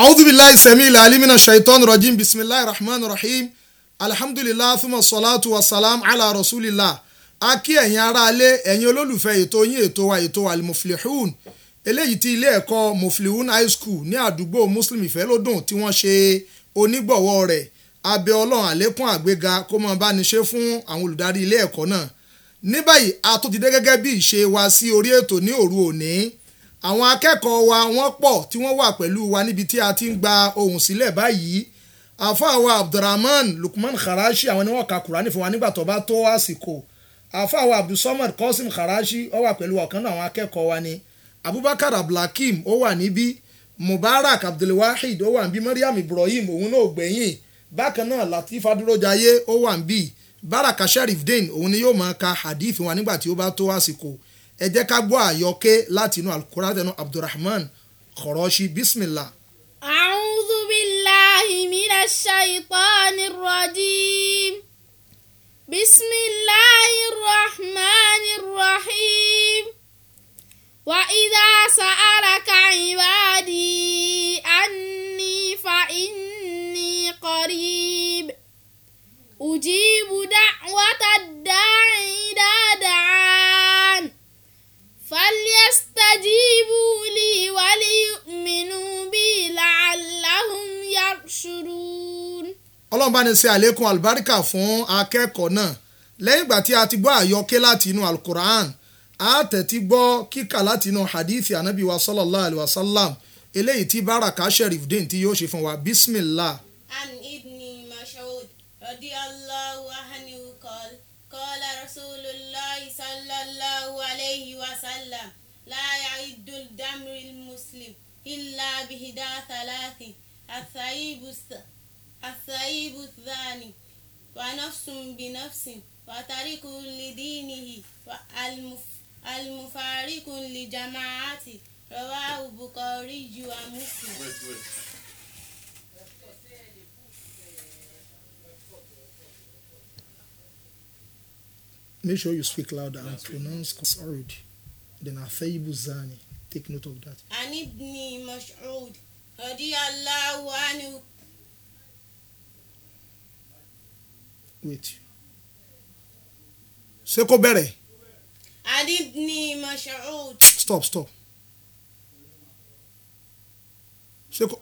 أعوذ بالله السميع العليم من الشيطان الرجيم بسم الله الرحمن الرحيم الحمد لله ثم الصلاة والسلام على رسول الله a kí ẹ̀yin aráalé ẹ̀yin olólùfẹ́ ètò yín ètò wa ètò almuflihun eléyìí tí ilé ẹ̀kọ́ muflihun high school ní àdúgbò muslim ìfẹ́lódùn tí wọ́n ṣe onígbọ̀wọ́ rẹ̀ abẹ́ ọlọ́run àlékún àgbéga kó máa bá ní ṣe fún àwọn olùdarí ilé ẹ̀kọ́ náà ní báyìí a tó ti dé gẹ́gẹ́ bí ìṣe wa sí orí ètò ní òru òní àwọn akẹ́kọ̀ọ́ wa wọ́n pọ̀ tí wọ́n wà pẹ̀lú wa níbi tí a ti ń gba ohùn sílẹ̀ báyìí àfàwà abdulrahman lukman kharashi àwọn ni wọ́n ka kùránì fún wa nígbà tó bá tó àsìkò àfàwà abdulsamad qasim kharashi ó wà pẹ̀lú ọ̀kan náà àwọn akẹ́kọ̀ọ́ wa ni abubakar abdulhakeem ó wà níbí mubarak abdulwahid ó wà níbí mariam ibrahim òun náà gbẹ̀yìn bákan náà latif adúrójayé ó wà níbí baraka sharif dane òun ni yóò máa ka hadith wa nígbà tí ó bá tó àsìkò ẹ jẹ́ ká gbọ́ àyọké láti inú alukóra tẹnu abdulrahman kọ̀rọ̀ṣí bismillah. a'udhu billahi minash shaytanir rajim bismillahir rahmanir rahim wa idha sa'alaka ibadi anni fa inni qarib ujibu da'watad ọlọ́run bá ní ṣe àlékún àlùbáríkà fún akẹ́kọ̀ọ́ náà lẹ́yìn ìgbà tí a ti gbọ́ àyọké láti inú alukur'an a tẹ̀tí gbọ́ kíkà láti inú hadithi anabi wa sallallahu alayhi wa sallam eléyìí tí baraka sherifdin tí yóò ṣe fún wa bismillah. an ibni mashoud radiyallahu anhu qala qala rasulullah sallallahu alayhi wa sallam la ya'iddu damri muslim illa bihida thalathi athaibu الثيب الثاني ونفس بنفس وترك لدينه المفارق لجماعة رواه البخاري ومسلم Make sure you speak louder and pronounce Qasarud. Then Athaibu Zani. Take note of that. Anibni Mash'ud. رضي الله عنه wait ṣé kó bẹ̀rẹ̀. adibni mashaud. stop stop. ṣé kó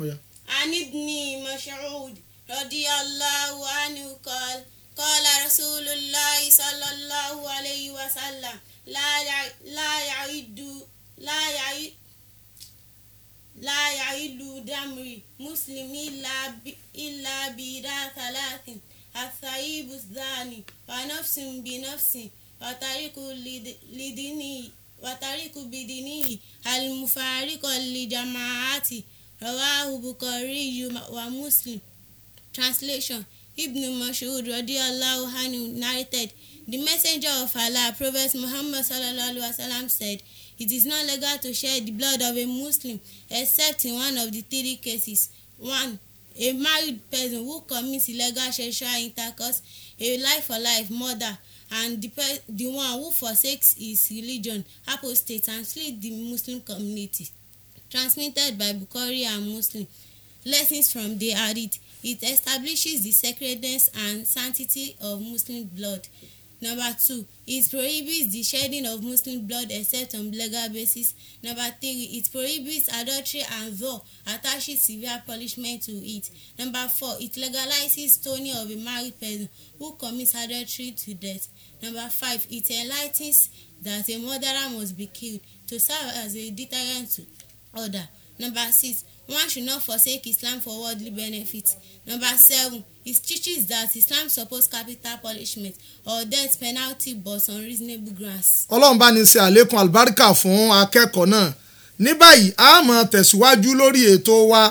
ọ̀ya. Oh adibni mashaud radiyallahu anhu qal qala rasulullahi sallallahu alayhi wa sallam la ya'idu la ya'idu la ya'idu damri muslimi illa illa bi da athaibu dhani wa nafsin binafsin watariku lidini watariku bidinihi almufariko lijamaati rawahu bukoriyu wa muslim translation ibn mas'ud radiAllahu anhu narrated the messenger of allah prophet muhammad sallallahu alaihi said it is not legal to shed the blood of a muslim except in one of the three cases one a married person who commits illegal sexual intercourse a life for life murder and the, the one who forsakes his religion apostate and flee the muslim community transmitted by bukhari and muslim lessons from the hadith it establishes the sacredness and sanctity of muslim blood Number two, it prohibits the shedding of Muslim blood except on legal basis. Number three, it prohibits adultery and though attaches severe punishment to it. Number four, it legalizes stoning of a married person who commits adultery to death. Number five, it enlightens that a murderer must be killed to serve as a deterrent to order. Number six, One should not forsake Islam for worldly benefits. Number seven, it teaches that Islam supports capital punishment or death penalty but on reasonable grounds. Ọlọ́run bá ní ṣe àlékún àlùbáríkà fún akẹ́kọ̀ọ́ náà. Ní báyìí, a máa tẹ̀síwájú lórí ètò wa.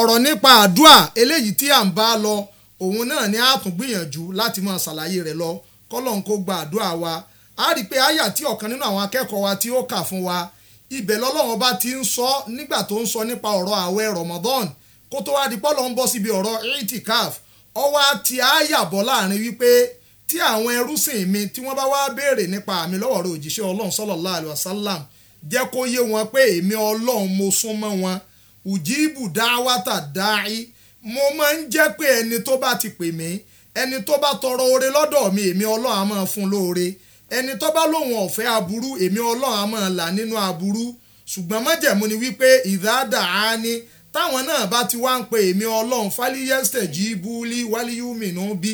Ọ̀rọ̀ nípa àdúà eléyìí tí à ń bá lọ, òun náà ni a tún gbìyànjú láti máa ṣàlàyé rẹ̀ lọ. Kọ́lọ́n kó gba àdúà wa. A rí i pé àyà tí ọ̀kan nínú àwọn akẹ́kọ̀ọ́ wa tí ó kà fún wa ibẹ̀ lọ́lọ́run bá ti ń sọ nígbà tó ń sọ nípa ọ̀rọ̀ ààwẹ̀ Ramadan kó tó wá di pọ́lọ́ ń bọ́ síbi ọ̀rọ̀ itikaf ọwọ́ àti àyàbọ̀ láàrin wípé tí àwọn ẹrúsìn mi tí wọ́n bá wá béèrè nípa àmì lọ́wọ́ rẹ̀ òjíṣẹ́ ọlọ́run sallallahu alaihi wasallam jẹ́ kó yé wọn pé èmi ọlọ́run mo sún mọ́ wọn ùjíìbù dáwátà dáì mo máa ń jẹ́ pé ẹni tó bá ti pè mí ẹni tó bá tọrọ oore lọ́dọ̀ mi èmi ọlọ́run á máa fún lóore ẹni tó bá lóun ọ̀fẹ́ aburú èmi ọlọ́run á máa là nínú aburú ṣùgbọ́n májẹ̀mú ni wípé ìdáàdà á ní táwọn náà bá ti wá ń pe èmi ọlọ́run fáliyẹ́sẹ̀ jí búlí wálíyúmìnú bí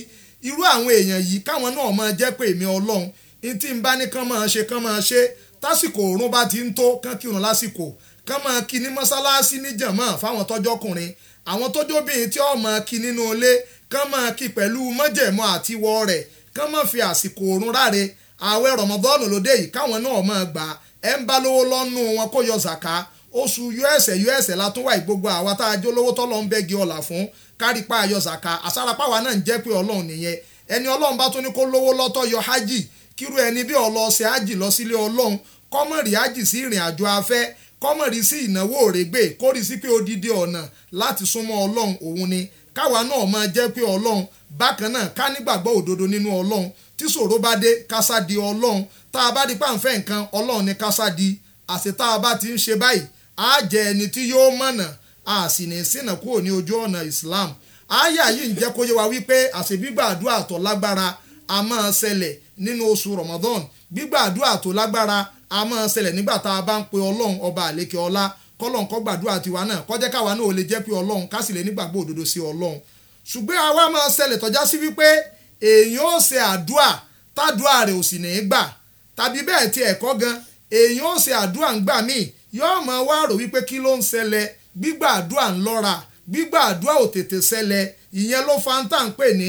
irú àwọn èèyàn yìí káwọn náà máa jẹ́ pé èmi ọlọ́run ní tí ń bá ní kán máa ṣe kán máa ṣe tásìkò òórùn bá ti ń tó kán kírun lásìkò kán máa kí ní mọ́sálásí níjàmọ́ fáwọn tọ́jọ́kùnrin àwọn tójóbìnrin tí ó máa kí nínú ilé kán máa kí pẹ̀lú mọ́jẹ̀mọ́ àtiwọ́ rẹ̀ kán máa fi àsìkò òórùn ráre ààwẹ̀ rọ̀mọ́dọ́nù lóde yìí káwọn náà máa gbà ẹ ń bá lówó lọ́nù wọn kó yọ zàká oṣù yọ́ẹ̀sẹ̀ yọ́ẹ̀sẹ̀ la tún wà gbogbo àwa tá a jó lówó tọ́lọ́ ọ̀là fún yọ zàká àsárápàwá náà ń jẹ́ pé ọlọ́run nìyẹn ẹni ọlọ́run bá tún ní kó lówó lọ́tọ́ yọ hajj kírú ẹni bí hajj lọ sílé ọlọ́run kọ́mọ̀rì káwa náà máa jẹ́ pé ọlọ́run bákan náà ká nígbàgbọ́ òdodo nínú ọlọ́run tí ṣòro bá dé kásá di ọlọ́run tá a bá di páǹfẹ́ nǹkan ọlọ́run ni kásá di àṣẹ tá a bá ti ń ṣe báyìí á jẹ ẹni tí yóò mọ̀nà a sì ní sínà kúrò ní ojú ọ̀nà Islam àyà yìí ń jẹ́ kó yé wa wípé àṣẹ gbígbàdúrà tó lágbára a máa ṣẹlẹ̀ nínú oṣù Ramadan gbígbàdúrà tó lágbára a máa ṣẹlẹ̀ nígbà tá a bá ń pe ọlọ́run ọba àlékè kọ́lọ́n kọ́ gbàdúrà tiwa náà kọjá káwa náà ò lè jẹ́ pé ọlọ́run ká sì lè nígbàgbọ́ òdodo sí ọlọ́run ṣùgbọ́n àwa máa ṣẹlẹ̀ tọ́já sí wípé èèyàn ò ṣe àdúà tádùá rẹ̀ ò sì ní í gbà tàbí bẹ́ẹ̀ ti ẹ̀kọ́ gan èèyàn ò ṣe àdúà ń gbà míì yóò máa wá rò wípé kí ló ń ṣẹlẹ̀ gbígbà àdúà ń lọ́ra gbígbà àdúà ò tètè ṣẹlẹ̀ ìyẹn ló fa ń tà ń pè ní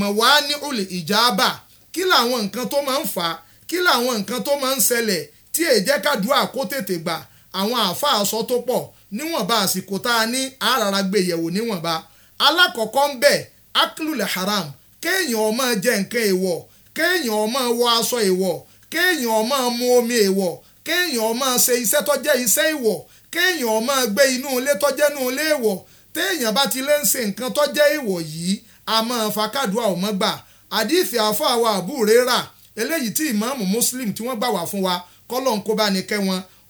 mọ̀wá ní olè ìjàmbá kí làwọn nǹkan tó máa ń fà á kí làwọn nǹkan tó máa ń ṣẹlẹ̀ tí èjẹ́ kádùá kó tètè gbà àwọn àáfàá sọ tó pọ̀ níwọ̀nba àsìkò tá a ní àràrà gbé yẹ̀wò níwọ̀nba alákọ̀ọ́kọ́ ń bẹ̀ akílùlẹ̀ haram kéèyàn ó máa jẹ nǹkan èèwọ̀ kéèyàn ó máa wọ aṣọ èèwọ̀ kéèyàn ó máa mu omi èèwọ̀ kéèyàn ó máa ṣe iṣẹ́ tó iṣẹ́ èèwọ̀ kéèyàn ó gbé inú ilé tó inú ilé èèwọ̀ téèyàn bá ti lè ń ṣe nǹkan tó jẹ́ yìí a máa fa kádùá ò mọ́ gbà àdìsí àfọ àbúrẹ́rà eléyìí tí ìmáàmù Muslim tí wọ́n gbà wá fún wa kọ́lọ́n kó bá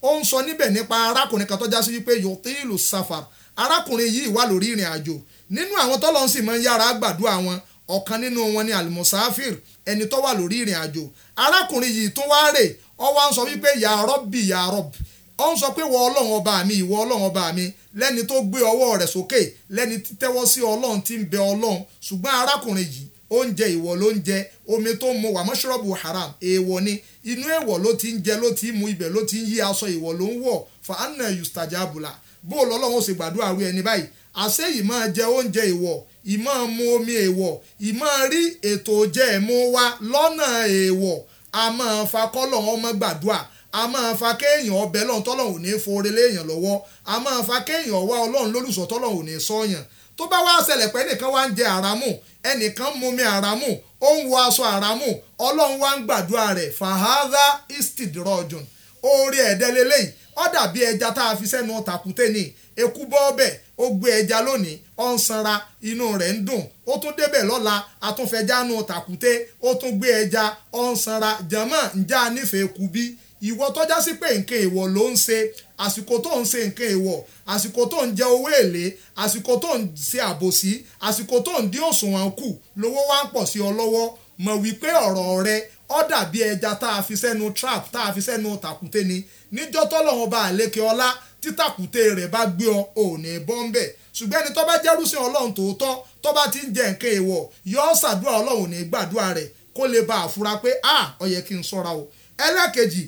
ó ń sọ níbẹ̀ nípa arákùnrin kan tó já sí wípé yòtílù safar arákùnrin yìí wà lórí ìrìn àjò nínú àwọn tọ́lọ́ ń sì máa ń yára gbàdúrà wọn ọ̀kan nínú wọn ni almusafir ẹni tó wà lórí ìrìn àjò arákùnrin yìí tún wá rè ó wá ń sọ wípé ya Rabbi ya Rabbi ó ń sọ pé wọ ọlọ́run ọba mi ìwọ ọlọ́run ọba mi lẹ́ni tó gbé ọwọ́ rẹ̀ sókè lẹ́ni tẹ́wọ́ sí ọlọ́run tí ń bẹ ọlọ́run ṣùgbọ́n arákùnrin yìí oúnjẹ ìwọ̀ ló ń jẹ omi tó ń mu wàmọ́ṣọ́rọ́bù haram èèwọ̀ ni inú èèwọ̀ ló ti ń jẹ ló ti ń mu ibẹ̀ ló ti ń yí aṣọ ìwọ̀ ló ń wọ̀ fa anna yustajabula bó o lọ́lọ́run ó sì gbàdúrà rú ẹni báyìí àṣé yìí máa jẹ oúnjẹ ìwọ̀ ì máa mu omi èèwọ̀ ì máa rí ètò jẹ́ ẹ̀mú wa lọ́nà èèwọ̀ a máa fa kọ́lọ̀ ọmọ gbàdúrà a máa fa kéèyàn ọbẹ̀ lọ́run tọ́lọ́run ò ní foore léèyàn lọ́wọ́ a máa fa kéèyàn wá ọlọ́run lólùsọ tọ́lọ́run ní sọ́yàn tó bá wá ṣẹlẹ̀ pé ẹnìkan wá ń jẹ àràmù ẹnìkan ń mumi àràmù ó ń wọ aṣọ àràmù ọlọ́run wá ń gbàdúrà rẹ̀ fàhádà istidrọ́jùn oore ẹ̀dẹ́lélẹ́yìn ó dàbí ẹja tá a fi sẹ́nu tàkúté ni eku bọ́ ọbẹ̀ ó gbé ẹja lónìí ó ń sanra inú rẹ̀ ń dùn ó tún débẹ̀ lọ́la àtúnfẹ̀jánu tàkúté ó tún gbé ẹja ó ń sanra jẹ̀mọ́ ǹjẹ́ a nífẹ̀ẹ́ eku bí ìwọ tọ́já sí pé nǹkan èèwọ̀ ló ń ṣe àsìkò tó ń ṣe nǹkan èèwọ̀ àsìkò tó ń jẹ owó èlé àsìkò tó ń ṣe àbòsí àsìkò tó ń dín òṣùwọ̀n kù lówó wá ń pọ̀ sí ọ lọ́wọ́ mọ̀ wípé ọ̀rọ̀ rẹ ó dàbí ẹja tá a fi sẹ́nu trap tá a fi sẹ́nu tàkùté ni níjọ́ tọ́lọ́run bá àlékè ọlá tí tàkùté rẹ̀ bá gbé ọ ò ní bọ́ńbẹ̀ ṣùgbọ́n ẹni tó bá jẹ́rùsìn ọlọ́run tòótọ́ tó bá ti ń jẹ nǹkan èèwọ̀ yọ ṣàdúrà ọlọ́run ní gbàdúrà rẹ̀ kó lè bá àfura pé a ó yẹ kí n sọ́ra o ẹlẹ́kejì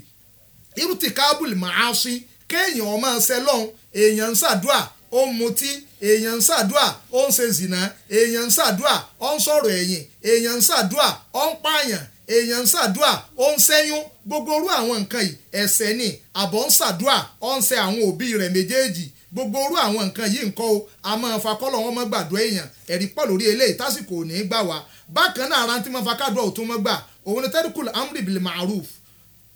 irúti kábùlì máa ń sí kéèyàn ọmọ ṣe lọ́hùn èèyàn ń ṣàdúà ó ń mutí èèyàn ń ṣàdúà ó ń ṣe zìnà èèyàn ń ṣàdúà ó ń sọ̀rọ̀ ẹ̀yìn èèyàn ń ṣàdúà ó ń pààyàn èèyàn ń ṣàdúà ó ń ṣẹ́yún gbogbo orú àwọn nǹkan yìí ẹ̀ṣẹ̀ ni àbọ̀ ń ṣàdúà ó ń ṣe àwọn òbí rẹ̀ méjèèjì gbogbo orú àwọn nǹkan yìí nǹkan o a máa fa kọ́lọ̀ wọn mọ́ gbàdúrà èèyàn ẹ̀rí pọ̀ lórí eléyìí tásìkò ò ní gbà wá bákan náà ara tí wọ́n fa kádùá òtún mọ́ òun ni tẹ́ríkùl amri bil ma'ruf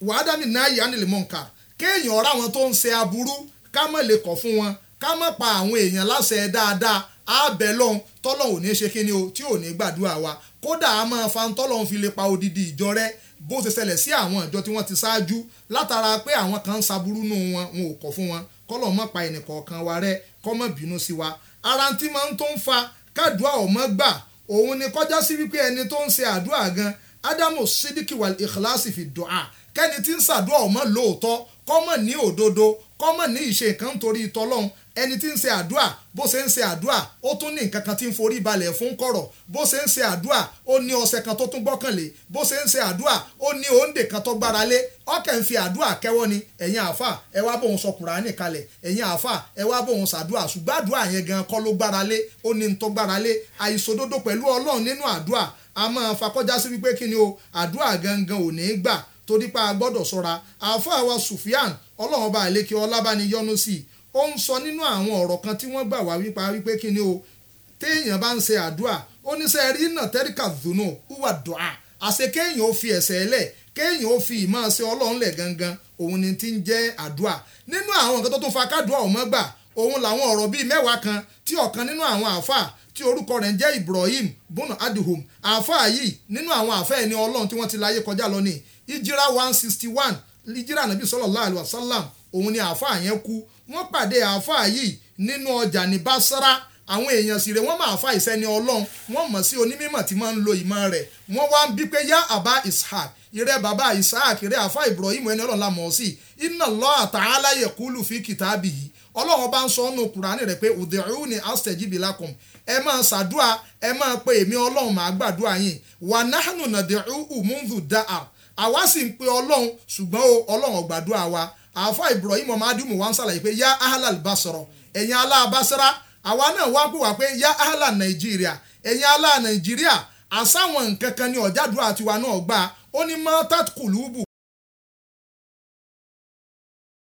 wàhádà ní náà yìí á nílẹ̀ mọ̀ǹkà kéèyàn ọ̀rá wọn tó ń ṣe aburú ká mọ̀ lè kọ̀ fún wọn ká má pa àwọn èèyàn láṣẹ dáadáa àbẹ̀ lọ́hún tọ́lọ́hún ò ní ṣe kíni o tí ò ní gbàdúrà wa kódà a máa fa tọ́lọ́hún fi lè pa odidi ìjọ rẹ bó ṣe ṣẹlẹ̀ sí àwọn ìjọ tí wọ́n ti ṣáájú látara pé àwọn kan ń ṣaburú nù wọn wọn ò kọ̀ fún wọn kọ́lọ̀ mọ́ pa ẹnì kọ̀ọ̀kan wa rẹ kọ́ mọ́ bínú sí wa ara tí máa ń tó ń fa kádùá ọ̀mọ́ gbà òun ni kọjá sí wípé ẹni tó ń ṣe àdúrà gan ádámù sídìkì wal ìkìláàsì fi dùn à kẹ́ni tí ń ṣàdúrà ọ̀mọ́ lóòótọ́ kọ́mọ̀ ní òdodo kọ́mọ̀ ní ìṣe nǹkan nítorí tọ́lọ́hún ẹni tí ń ṣe àdúà bó ṣe ń ṣe àdúà ó tún ní nǹkan kan tí ń forí balẹ̀ fún kọ̀rọ̀ bó ṣe ń ṣe àdúà ó ní ọṣẹ kan tó tún gbọ́kànlé bó ṣe ń ṣe àdúà ó ní òǹdè kan tó gbára lé ọkẹ́ ń fi àdúà kẹ́wọ́ ni ẹ̀yin àáfà ẹ wá bóun sọ kùránì kalẹ̀ ẹ̀yin àáfà ẹ wá bóun ṣàdúà ṣùgbọ́n àdúà yẹn gan kọ́ ló gbára lé ó ní tó gbára lé àìṣòdodo pẹ̀lú ọlọ́run nínú àdúà a máa fakọ́já sí wípé kí ni o àdúà gangan ò ní gbà torí pa àgbọ́dọ̀ sọ́ra àáfàá wa Sufyan ọlọ́run bá àlékè ọlábániyọ́nú sí i ó ń sọ nínú àwọn ọ̀rọ̀ kan tí wọ́n gbà wá wípa wípé kí ni o téèyàn bá ń ṣe àdúà ó ní sẹ́ rí náà tẹ́ríkà dùnú wúwà dùà àṣẹ kéèyàn ó fi ẹ̀sẹ̀ lẹ̀ kéèyàn ó fi ìmọ̀ ṣe ọlọ́run gangan òun ni ti ń jẹ́ àdúà nínú àwọn nǹkan tó tún fa kádùá ọ̀mọ́gbà òun làwọn ọ̀rọ̀ bíi mẹ́wàá kan tí ọ̀kan nínú àwọn àáfàá tí orúkọ rẹ̀ ń jẹ́ Ibrahim bùnà adihum àáfàá yìí nínú àwọn àáfàá ẹni ọlọ́run tí wọ́n ti láyé kọjá lọ ní ìjírá one sixty one ìjírá nàbí sallallahu alaihi wasallam òun ni àáfàá yẹn kú wọ́n pàdé àáfàá yìí nínú ọjà ní Basra àwọn èèyàn sì rè wọ́n máa fa ìsẹ́ni ọlọ́run wọ́n mọ̀ sí onímọ̀ tí máa ń lo ìmọ̀ rẹ̀ wọ́n wá ń bí pé yá àbá ishaq ìrẹ́ bàbá ishaq ìrẹ́ àfa ibrahim ẹni ọlọ́run la mọ̀ sí inna Allah ta'ala yaqulu fi kitabihi ọlọ́run bá ń sọ ọ́nù kùránì rẹ̀ pé òdìrú ni astejibilakum ẹ máa ṣàdúrà ẹ máa pe èmi ọlọ́run màá gbàdúrà yín wà náhànù nàdìrú ùmùndù dáa àwa sì ń pe ọlọ́run ṣùgbọ́n o ọlọ́run gbàdúrà wa àáfà ibrahim ọmọdéwùmù wa ń ṣàlàyé pé yá ahlal basọ̀rọ̀ ẹ̀yin aláàbásárá àwa náà wá pè wá pé yá ahlal nàìjíríà ẹ̀yin aláà nàìjíríà àsáwọn nǹkan kan ní tiwa náà gbà ó ní mọ́tàkùlùbù